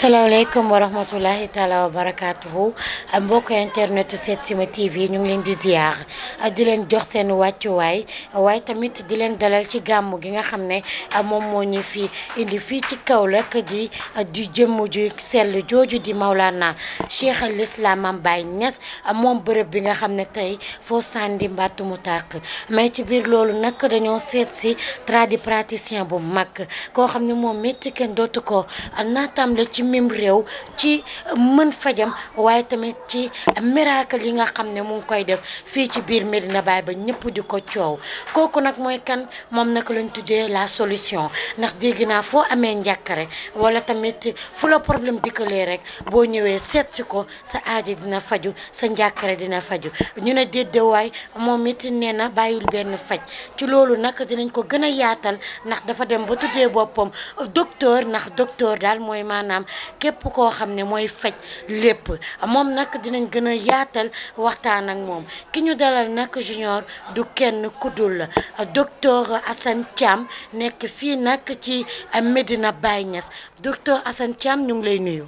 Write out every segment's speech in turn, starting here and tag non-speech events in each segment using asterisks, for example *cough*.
asalaamaaleykum wa rahmatulahi taala wa barakaatuhu mbokk internet Setsima TV ñu ngi leen di ziar di leen jox seen wàccuwaay waaye tamit di leen dalal ci gàmm gi nga xam ne moom moo ñu fi indi fii ci Kaolack di di jëmm ju sell jooju di Maulana Cheikh al Islam Mame Baye Niass moom bërëb bi nga xam ne tey foo sànni mbàttu mu tàq mais ci biir loolu nag dañoo seet si tradipraticien bu mag koo xam ne moom métti kenn dootu ko naatam la ci. mim réew ci mën fajam waaye tamit ci miracle yi nga xam ne mu ngi koy def fii ci biir na baay ba ñëpp di ko coow kooku nag mooy kan moom nag lañ tuddee la solution ndax dégg naa foo amee njàkkare wala tamit fu la problème dikkalee rek boo ñëwee seet ko sa aaji dina faju sa njàkkare dina faju ñu ne déddewaay moom it nee na bàyyil benn faj ci loolu nag dinañ ko gën a yaatal ndax dafa dem ba tuddee boppam docteur ndax docteur daal mooy maanaam képp koo xam ne mooy faj lépp moom nag dinañ gën a yaatal waxtaan ak moom ki ñu dalal nag junior du kenn kuddul docteur Assane Thiam nekk fii nag ci Medina Baye Niass docteur Assane Thiam ñu ngi lay nuyu.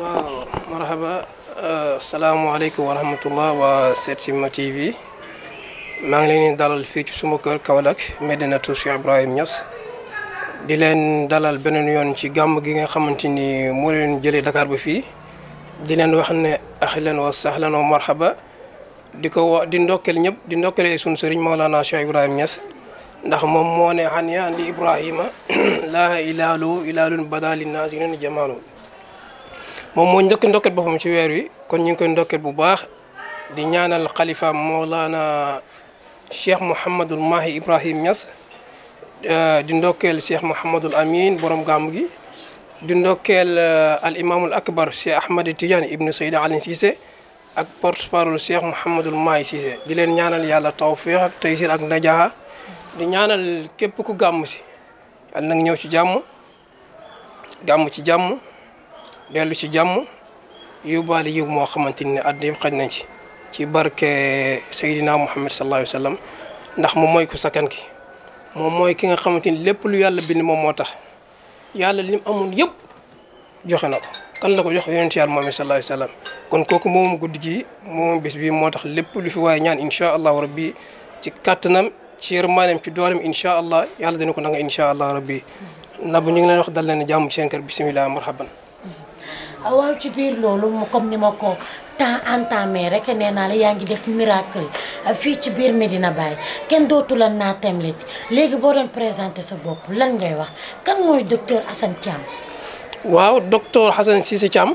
waaw marhaba euh, salaamaaleykum wa rahmatullah waa Setsima TV maa ngi leen di dalal fii ci suma kër Kaolack Medina Cheikh Ibrahim Niass. di leen dalal beneen yoon ci gàmm gi nga xamante ni moo leen jëlee Dakar ba fii di leen wax ne ahlan wa sahlan wa marhaba di ko wa di ndokkeel ñëpp di ndokkeel suñu sëriñ Mawlana Cheikh Ibrahima Niass ndax moom moo ne xan yaan li Ibrahima laa *clears throat* ilaalu ilaalun badali moom moo njëkk ndokkeel boppam ci weer wi kon ñu ngi koy ndokkeel bu baax di ñaanal xalifaam Mawlana Cheikh Mouhamadul Mahi Ibrahim Niass Euh, di ndokkeel cheikh Mouhamadul Amin borom gàmm gi di ndokkeel euh, al imaamul akbar cheikh Ahmad Tidiane ibnu Seyda Alioune Cissé ak porte parole cheikh Mouhamadul Maay Cissé di leen ñaanal yàlla tawfiix ak taysir ak najaaha di ñaanal képp ku gàmm si yàlla nag ñëw ci jàmm gàmm ci jàmm dellu ci jàmm yóbbaale yiw moo xamante ni at yëpp xaj nañ ci ci barke Seydina Muhammad sallallahu alayhi ndax moom mooy ku sakan ki moom mooy ki nga xamante ni lépp lu yàlla bind moom moo tax yàlla lim amoon yëpp joxe na ko kan la ko jox yonent yàlla moom sallallahu alayhi kon kooku moom guddi gi moom bis bi moo tax lépp lu fi waaye ñaan incha allahu rabbi ci kattanam ci yërmaaneem ci dooleem incha allah yàlla dina ko nanga incha allah rabbi na bu ñu ngi leen wax dal leen jàmm ci seen kër bisimilah marhaban waaw ci biir loolu comme ni ma ko temps en temps mais rek nee naa la yaa ngi def miracle fii ci biir Medina Baye kenn dootu la naa temlet léegi boo doon présenté sa bopp lan ngay wax kan mooy docteur Assane Thiam. waaw docteur Assane Cissé Thiam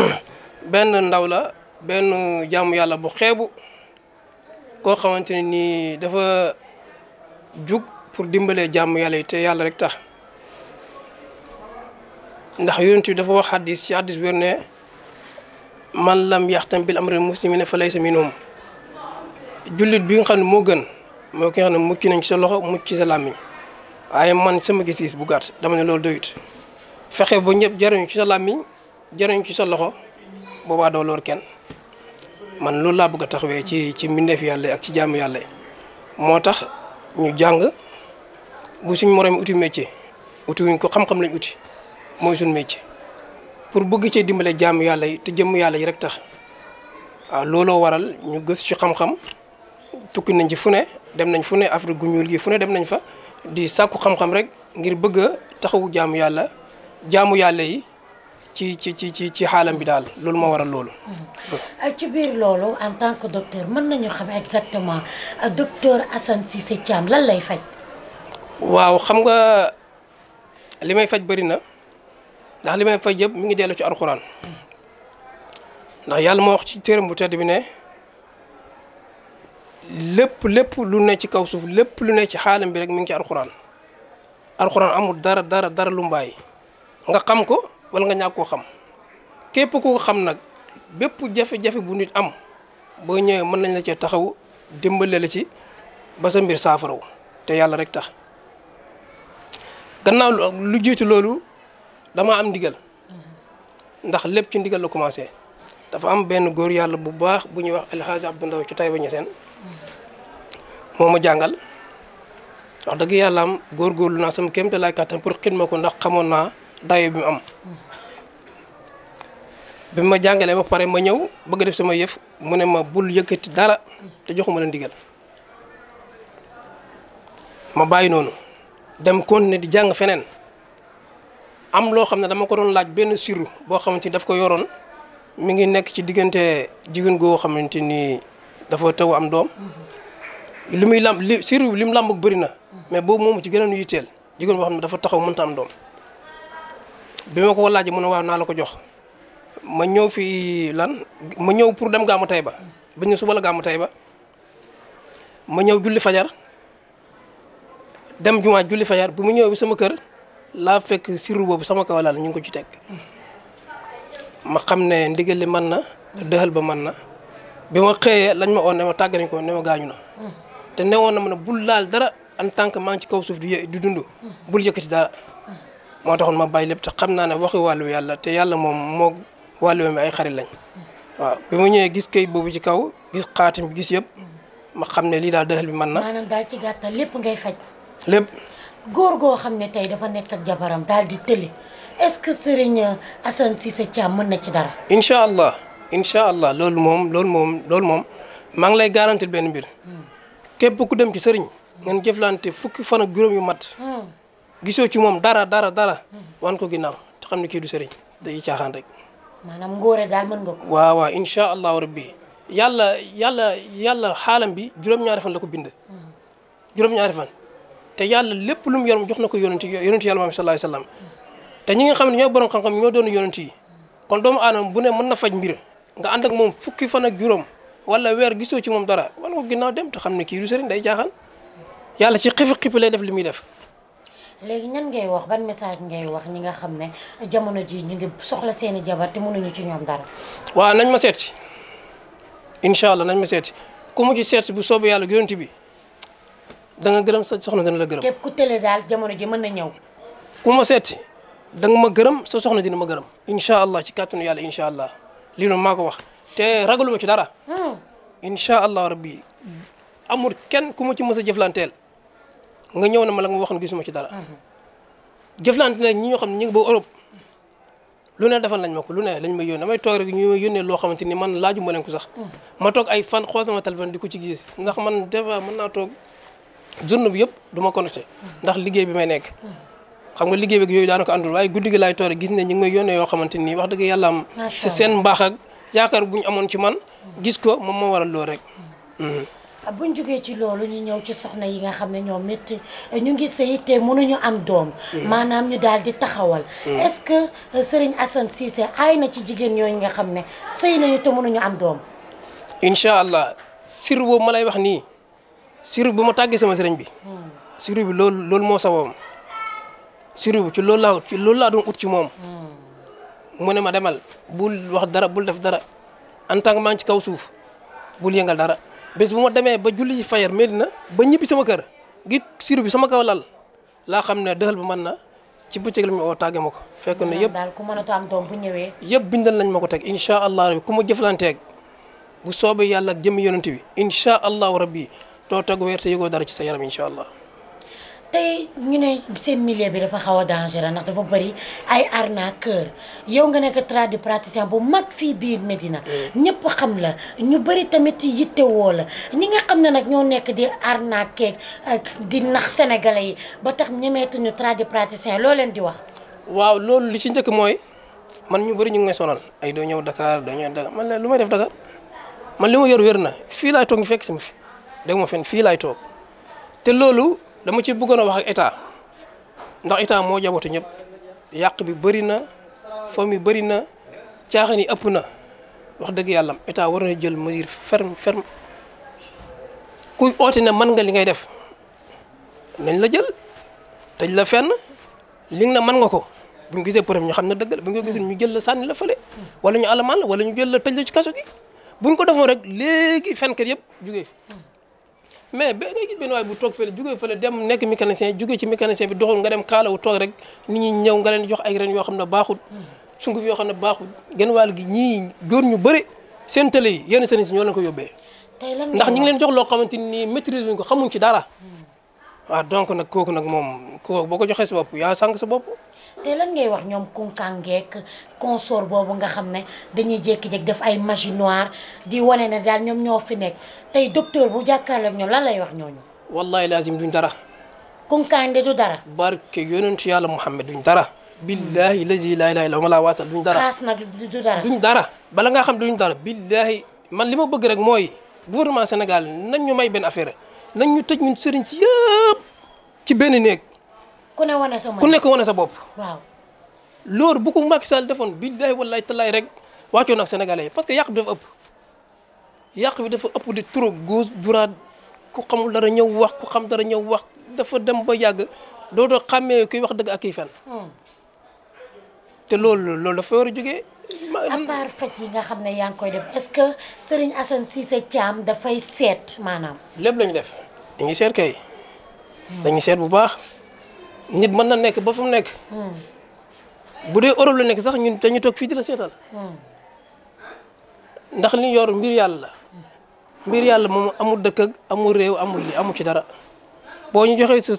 *clears throat* benn ndaw la benn jàmm yàlla bu xeebu koo xamante ne nii dafa jug pour dimbalee jàmm yàlla yi te yàlla rek tax. ndax yooyu bi dafa wax xaddis ci xaddis wér ne man lam tam bil amri muslimina fa laysa minhum jullit bi xam ne moo gën moo ki nga xam nañ sa loxo mucc sa làmmiñ waaye man sama gis-gis bu gàtt dama ne loolu doyut fexe ba ñëpp jariñu ci sa làmmiñ jariñu ci sa loxo boobaa doo loor kenn man loolu laa bëgg a taxawee ci ci mbindeef yàlla ak ci jaamu yàlla moo tax ñu jàng bu suñ moroom uti métier utiwuñ ko xam-xam lañ uti mooy suñu métier pour bëgg cee dimbale jaamu yàlla yi te jëmm yàlla yi rek tax waaw looloo waral ñu gës ci xam-xam tukki nañ ci fu ne dem nañ fu ne Afrique gu ñuul gi fu ne dem nañ fa di sàkku xam-xam rek ngir bëgg a taxawu jaamu yàlla jaamu yàlla yi ci ci ci ci ci xaalam bi daal loolu moo waral loolu. Mm-hmm. Uh, ci biir loolu en tant que docteur mën nañu xam exactement uh, docteur Assane Cissé Thiam lan lay faj. waaw xam nga li may faj bëri na. ndax li may fay yëpp mi ngi dellu ci alxuraan ndax yàlla moo wax ci téeram bu tedd bi ne lépp lépp lu ne ci kaw suuf lépp lu ne ci xaalam bi rek mu ngi ci alxuraan alxuraan amul dara dara dara lu mbaay nga xam ko wala nga ñàkk koo xam képp ku ko xam nag bépp jafe-jafe bu nit am boo ñëwee mën nañ la cee taxaw dimbale la ci ba sa mbir saafaraw te yàlla rek tax gannaaw lu jiitu loolu dama am ndigal ndax lépp ci ndigal la commencé dafa am benn góor yàlla bu baax bu ñuy wax alxaaji Abdou Ndaw ci Taïba Niassène moo ma jàngal wax dëgg yàlla am góor góorgóorlu naa sama kéem te laay kàttan pour xin ma ko ndax xamoon naa dayo bi mu am bi ma jàngalee ba pare ma ñëw bëgg def sama yëf mu ne ma bul yëkkati dara te joxuma la ndigal ma bàyyi noonu dem continuer di jàng feneen am loo xam ne dama ko doon laaj benn siru boo xam ni daf ko yoroon mi ngi nekk ci diggante jigéen goo xamante ni dafa taw am doom mhm. li muy lam li siru bi li na mhm. mais boobu moomu ci gën teel jigéen boo xam ne dafa taxaw mënta am doom bi ma ko laajee mu ne waaw naa la ko jox ma ñëw fii lan ma ñëw pour dem gàmmu Taïba mhm. ba ñu suba ma gàmmu ba ma ñëw julli fajar dem jumaa julli fajar bu mu ñëw bi sama kër laa fekk siru boobu sama kaw laal ñu ngi ko ci teg ma xam ne ndigal li mën na dëxal ba man na bi ma xëyee lañ ma oon ne ma tàgg nañ ko ne gaañu na te newoon na ma ne bul laal dara en tant que maa ngi ci kaw suuf di dund bul yëkkati dara moo taxoon ma bàyyi lépp te xam naa ne waxi wàllu yàlla te yàlla moom moo wàllu mi ay xarit lañ waaw bi ma ñëwee gis kayit boobu ci kaw gis xaatim gis yëpp ma xam ne lii daal dëxal bi mën na maanaam daal ci gàttal lépp ngay faj lépp góor goo xam ne tey dafa nekk ak jabaram daal di tële est-ce que Serigne Assane Cissé Thiam mën na ci dara. incha allah incha allah loolu moom loolu moom loolu moom maa ngi lay garantir benn mbir. képp ku dem ci Serigne. ngeen jëflante fukki fan ak juróom yu mat. Hmm. gisoo ci moom dara dara dara. wan ko ginnaaw te xam ne kii du Serigne day caaxaan rek. maanaam ngóore daal mën nga ko. waaw allahu rabbi yàlla yàlla yàlla xaalam bi juróom-ñaari fan la ko bind. Hmm. juróom-ñaari fan. te yàlla lépp lu mu yor jox na ko yonent yonent yàlla moom sallallahu alayhi wasallam te ñi nga xam ne ñoo borom xam-xam ñoo doon yonent yi kon doomu aadama bu ne mën na faj mbir nga ànd ak moom fukki fan ak juróom wala weer gi soo ci moom dara wala ko ginnaaw dem te xam ne kii du sëriñ day jaaxal yàlla ci xifi lay def li muy def léegi ñan ngay wax ban message ngay wax ñi nga xam ne jamono ji ñu ngi soxla seeni jabar te mënuñu ci ñoom dara waaw nañ ma seet si incha allah nañ ma seet si ku mu ci seet bu soobee yàlla yonent bi danga gërëm sa soxna dina la gërëm. képp ku daal jamono ji mën na ma seeti da nga ma gërëm sa soxna dina ma gërëm. incha allah ci kàttanu yàlla incha allah lii noonu maa ko wax te ragaluma ci dara. Hmm. incha allah rabbi amul kenn ku ma ci mës a jëflanteel nga ñëw na ma la nga wax ne gisuma ci dara. Hmm. jëflante nag ñi ñoo xam ne ñu ngi ba Europe lu ne defal lañ ma ko lu ne lañ ma yónnee damay toog rek ñu yónnee loo xamante ni man laaju ma leen ko sax. Hmm. ma toog ay fan xool sama téléphone di ko ci gis ndax man des fois mën naa toog. journée bi yëpp du ma ko noté ndax liggéey bi may nekk xam nga liggéey bi ak yooyu daanaka àndul waaye guddi gi laay toore gis ne ñi ngi may yónnee yoo xamante nii wax dëgg yàlla am seen mbaax ak yaakaar ñu amoon ci man gis ko moom moo waral loolu rek mm-hmm. ah, buñ jógee ci loolu ñu ñëw ci soxna yi nga xam ne ñoom métti ñu ngi sëy te mënuñu am doom mm-hmm. maanaam ñu daal di taxawal mm-hmm. est que euh, Serigne Assane Cissé aay na ci jigéen ñooñu nga xam ne sëy nañu te mënuñu am doom incha allah sir boobu ma lay wax nii sirru bu ma tàggee sama sëriñ bi. sirru bi loolu loolu moo sawoon sirru bi ci loolu laa ci loolu laa doon ut ci moom. mu ne ma demal bul wax dara bul def dara en tant que maa ci kaw suuf bul yëngal dara bés bu ma demee ba julli ji fajar mel na ba ñibbi sama kër gi sirru bi sama kaw lal laa xam ne dëxal bi man na ci bëccëg la ñu oo tàgge ma ko. fekk na yëpp daal ku mënatu am doom bu ñëwee. yëpp bindal nañ ma ko teg incha allah rabi ku ma jëflanteeg bu soobee yàlla ak jëmmi yonent bi incha allahu rabbi doo tag weer te yëgoo dara ci sa yaram incha allah. tey ñu ne seen milieu bi dafa xaw a dangereux ndax dafa bari ay arnaqueur yow nga nekk tradipraticien bu mag fii biir Medina. Mm. ñëpp xam la ñu bëri tamit yittewoo la ñi nga xam ne nag ñoo nekk di arnaquer di nax sénégalais yi ba tax ñemeetuñu tradipraticien loo leen di wax. waaw loolu li ci njëkk mooy man ñu bëri ñu ngi may ay doo ñëw Dakar doo ñëw Dakar man la lu may def Dakar man li ma yor wér na fii laay toog ñu fekk si ma fi. dégg ma fen fii laay toog te loolu dama ci bëggoon a wax ak état ndax état moo jaboote ñëpp yàq bi bëri na fomm yi bëri na caaxaan yi ëpp na wax dëgg yàlla état war na jël mesure ferme ferme kuy oote ne mën nga li ngay def nañ la jël tëj la fenn li na man nga ko bu ñu gisee problème ñu xam ne dëgg la bu ñu ko gisul ñu jël la sànni la fële wala ñu alamaan la wala ñu jël la tëj la ci kaso gi bu ñu ko defoon rek léegi fenkat yëpp jugee mais ba ngay gis benn waay bu toog fële jógee fële dem nekk mécanicien jógee ci mécanicien bi doxul nga dem kaalawu toog rek nit ñi ñëw nga leen jox ay ren yoo xam ne baaxul sunguf yoo xam ne baaxul genn wàll gi ñii góor ñu bëri seen tële yenn sëriñ si ñoo leen ko yóbbee ndax ñi ngi leen jox loo xamante ni maitrise wuñ ko xamuñ ci dara hmm. waaw donc nag kooku nag moom kooku boo ko joxee sa bopp yaa sànq sa bopp te lan ngay wax ñoom kunkangeek consort boobu nga xam ne dañuy jékki-jékki def ay magie noire di wane ne daal ñoom ñoo fi nekk tey docteur bu jàkkaarloog ñoom lan lay wax ñooñu. wallahi lazim duñ dara. kunkange du dara. barke yonentu yàlla Muhammad duñ dara. billahi lazi laa ilaaha illa huwa la waatal duñ dara. xaas nag du dara. duñ dara bala nga xam duñ dara billahi man li ma bëgg rek mooy gouvernement Sénégal nañ ñu may benn affaire nañ ñu tëj ñun sëriñ si ci benn néeg. ku ne wane sa ku nekk wane sa bopp. waaw loolu bu ko Macky Sall defoon billaay wallaay talaay rek wàccoon ak sénégalais yi parce que yàq bi dafa ëpp. yàq bi dafa ëpp di trop gauche droite ku xamul dara ñëw wax ku xam dara ñëw wax dafa dem ba yàgg doo xamee kuy wax dëgg ak kiy fen hmm. te loolu loolu dafa war a jóge à part faj yi nga xam ne yaa ngi koy def est-ce que Serigne Assane Cissé Thiam dafay seet maanaam. lépp lañu def dañuy seet kay. Hmm. dañuy seet bu baax. nit mën na nekk ba fu mu nekk. Hmm. bu dee Europe la nekk sax ñun dañu toog fii di la seetal. Hmm. ndax li yor mbir yàlla. mbir yàlla moom amul dëkk ak amul réew amul amul ci dara boo ñu joxee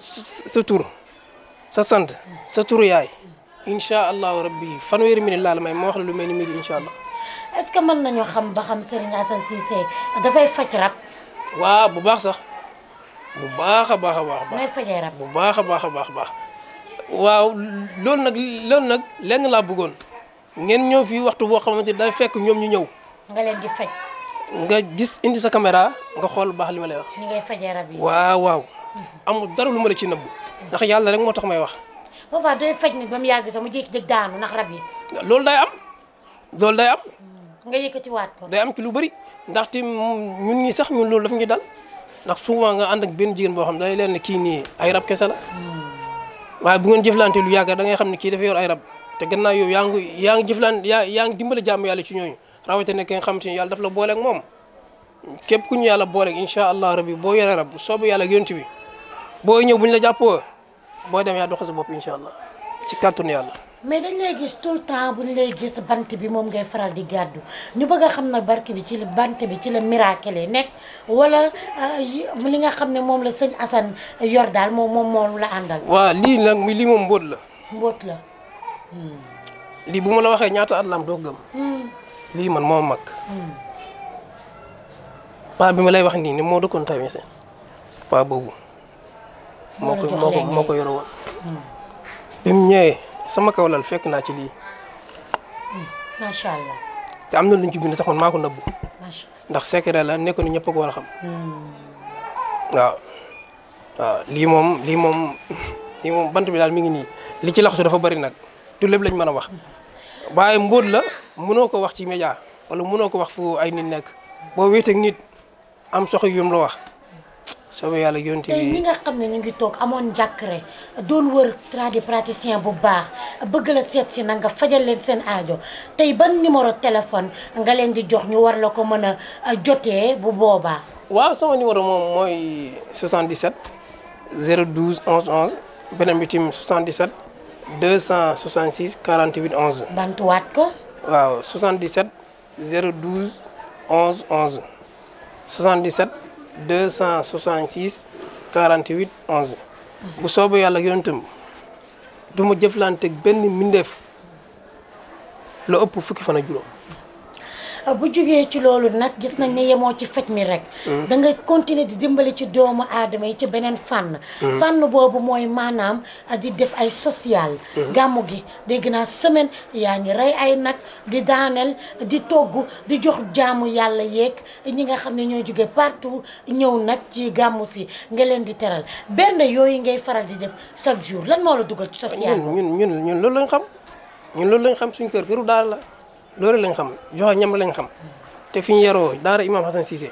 sa tur sa sant sa tur yaay incha allahu rabbi weer mi laa la may ma wax la lu mel ni midi incha allah. est ce que mën nañoo xam ba xam Serigne Assane Cissé dafay faj rab. waaw bu baax sax. bu baax a baax a baax. nooy fajee rab bu baax a baax a baax baax. waaw loolu nag loolu nag lenn laa bëggoon ngeen ñëw fii waxtu boo xamante day fekk ñoom ñu ñëw. nga di faj. nga gis indi sa caméra nga xool baax li ma lay wax. ni ngay fajee rab yi. waaw waaw. amul dara lu ma la ci nëbbu. ndax yàlla rek moo tax may wax. boobaa doy faj nit ba mu yàgg sax mu jékki-jékki daanu ndax rab yi. loolu day am loolu day am. nga yëkkatiwaat ko. day am ci lu bëri ndaxte ñun ñi sax ñun loolu daf ñuy dal. ndax souvent nga ànd ak benn jigéen boo xam ne day leen ne kii nii ay rab kese la waaye bu ngeen jëflante lu yàgg da ngay xam ne kii dafa yor ay rab te gannaaw yow yaa ngi yaa ngi jëflante yaa yaa ngi dimbale yàlla ci ñooñu rawatina ki nga xam te ne yàlla daf la booleeg moom képp ku yàlla booleeg incha allah rabbi boo yoree rab soobu yàlla yonti bi boo ñëw bu la jàppoo boo dem yaa doxal sa bopp incha allah ci kàttanu yàlla mais dañ lay gis tout le temps bu ñu lay gis bant bi moom ngay faral di gàddu ñu bëgg a xam na barke bi ci la bant bi ci la miracle nekk wala euh, li nga xam ne moom la sëñ Assane yor daal moom moom moom la àndal. waaw lii nag mi lii moom mbóot la. mbóot la. Hmm. lii bu ma la waxee ñaata at la doo gëm. Hmm. lii man moo mag. Hmm. paa bi ma lay wax nii ni moo dëkkoon tamit seen paa boobu. moo ko yor ko woon. bi mu ñëwee sama kaw lal fekk naa ci lii. macha allah. te am na luñ ci bind sax man maa ko ndax secret la nekk nu ñëpp ko a xam. Hmm. waaw lii moom lii moom *laughs* lii bant bi daal mi ngi nii li ci laxasu dafa bari nag du lépp lañ mën a wax waaye mbóot la mënoo ko wax ci média wala mënoo ko wax fu ay nit nekk boo wéeteeg nit am soxla yu la wax. soobee yàlla yonti bi tey ñi nga xam ne ñu ngi toog amoon njàkkare doon wër tradipraticien bu baax bëgg la seet si na nga fajal leen seen aajo tey ban numéro téléphone nga leen di jox ñu war la ko mën a jotee bu boobaa. waaw sama numéro moom mooy 77 012 11 11 beneen bi tamit 77 266 48 11. bantuwaat ko. waaw 77 012 11 11 77. 266 48 11. bu soobee yàlla ak yonentam du jëflante benn mbindeef lu ëpp fukki fan ak juróom. bu jógee ci loolu nag gis nañ ni yemoo ci faj mi rek mm. da nga continuer di dimbali ci doomu aadama yi ci beneen fànn mm. fànn boobu mooy maanaam di def ay social mm. gàmmu gi dégg naa semaine yaa ngi rey ay nag di daaneel di togg di jox jàmm yàlla yéeg ñi nga xam ne ñoo jóge partout ñëw nag ci gàmmu si nga leen di teral benn yooyu ngay faral di def chaque jour lan moo la dugal ci social ñun ñun ñun loolu lañ xam ñun loolu lañ xam suñu kër këru daal la loolu lañ xam joxe ñam lañ xam te fi ñu yaroo daara imam Hassan Cissé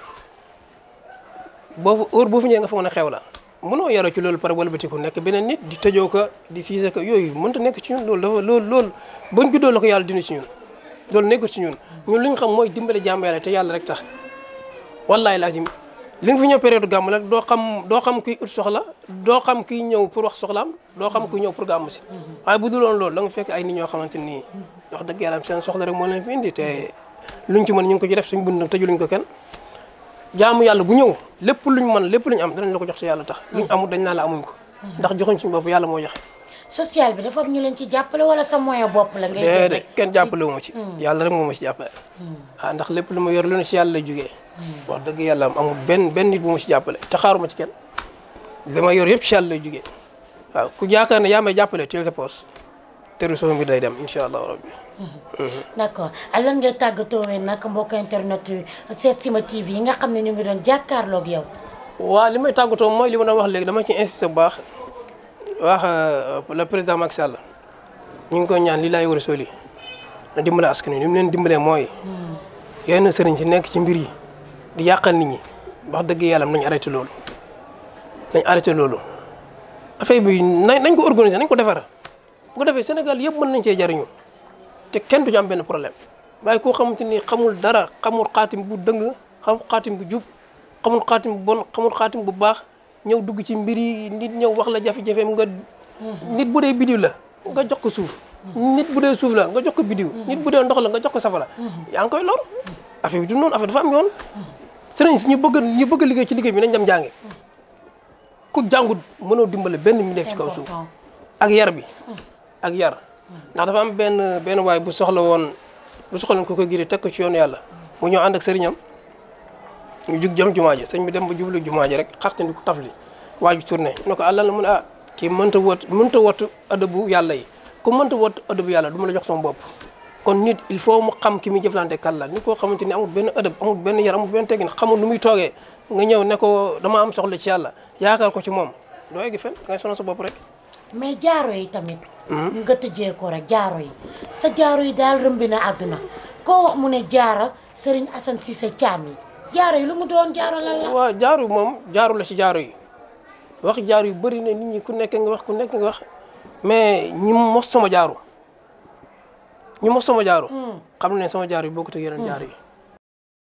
boo fa heure boo fi ñëwee nga fa mën a xew la mënoo yaroo ci loolu pare walbatiku nekk beneen nit di tëjoo ko di Cissé ko yooyu mënta nekk ci ñun loolu dafa loolu loolu bañ juddoo la ko yàlla dina ci ñun loolu nekku ci ñun ñun li ñu xam mooy dimbale jàmm yàlla te yàlla rek tax laa laazim li fi ñëw période gàmm nag doo xam doo xam kuy ut soxla doo xam ki ñëw pour wax am doo xam kuy ñëw pour gàmm si waaye bu duloon loolu da nga fekk ay nit ñoo xamante nii wax dëgg yàlla seen soxla rek moo leen fi indi te luñ ci mën ñu ngi ko ci def suñ bundam tëjuluñ ko kenn jaamu yàlla bu ñëw lépp luñ mën lépp luñ am danañ la ko jox si yàlla tax luñ amul dañ naa la amuñ ko ndax joxuñ suñu bopp yàlla moo joxe social bi dafa am ñu leen ci jàppale wala sa moyen bopp la. ngay déedéet kenn jàppale wu ma ci. Hmm. Hmm. yàlla rek moo ma ci jàppale. Hmm. ah ndax lépp lu ma yor lu ne si yàlla dëgg yàlla amul benn benn nit bu jàppale te xaaruma ci kenn li yor yëpp si yàlla lay ku jaakaar ne yaa may jàppale teel sa poos terrorisme bi day dem incha allah rabbi. d' accord ah, lan ngay tàggatoo nag mbokk internet yi Setsima TV yi nga xam ne ñu ngi doon jàkkaarloog yow. waaw li may tàggatoo mooy li ma doon wax léegi dama ci insisté baax. wax euh, le président Macky Sall ñu ngi koy ñaan li laay war soli na dimbale askan wi li mu leen dimbale mooy. Hmm. yenn sëriñ si nekk ci mbir yi di yàqal nit ñi wax dëgg yàlla nañ arrêté loolu nañ arrêté loolu affaire bi nañ ko organiser nañ ko defar bu ko defee Sénégal yëpp mën nañ cee jariñu te kenn du ci am benn problème waaye koo xamante ni xamul dara xamul xaatim bu dëng xamul xaatim bu jub xamul xaatim bu bon xamul xaatim bu baax. ñëw dugg ci mbir yi nit ñëw wax la jafe-jafeem nga. nit bu dee bidiw la nga jox ko suuf. nit bu dee suuf la nga jox ko bidiw. nit bu dee ndox la nga jox ko safara. yaa ngi koy lor affaire bi du noonu affaire dafa am yoon. sëriñ si ñu bëgg ñu bëgg liggéey ci liggéey bi nañ dem jàngi. ku mënoo dimbale benn mi def ci kaw suuf. ak yar bi ak yar. ndax dafa benn benn waay bu soxla woon bu soxla woon ko ko giri teg ko ci yoonu yàlla. mu ñëw ànd ak sëriñam. ñu jug jëm jumaa ji sëñ bi dem ba jublu jumaa ji rek xartan bi ko tafli waaju tourné ne ko àllal ah, mun ah kii mënta wat mënta wattu adabu yàlla yi ku mënta wattu adabu yàlla du la jox sama bopp kon nit il faut mu xam ki muy jëflante kan la nit koo xamante ni amul benn adab amul benn yar amul benn teggin xamul nu muy toogee nga ñëw ne ko dama am soxla ci yàlla yaakaar ko ci moom doo egg fen ngay sa bopp rek mais jaaro yi tamit hmm? nga tëjee ko rek jaaro yi sa jaaro yi daal rëmbi na àdduna koo wax mu ne jaara Serigne Assane Cissé Thiam yi jaaro yi lu mu doon jaaro lan la. waaw jaaro moom jaaro la ci jaaro yi wax jaaro yu bëri na nit ñi ku nekkee nga wax ku nekk nga wax mais ñi mos sama jaaro ñi mos sama jaaro. Hmm. xam ne sama jaaro yi bokkut ak yeneen jaaro yi.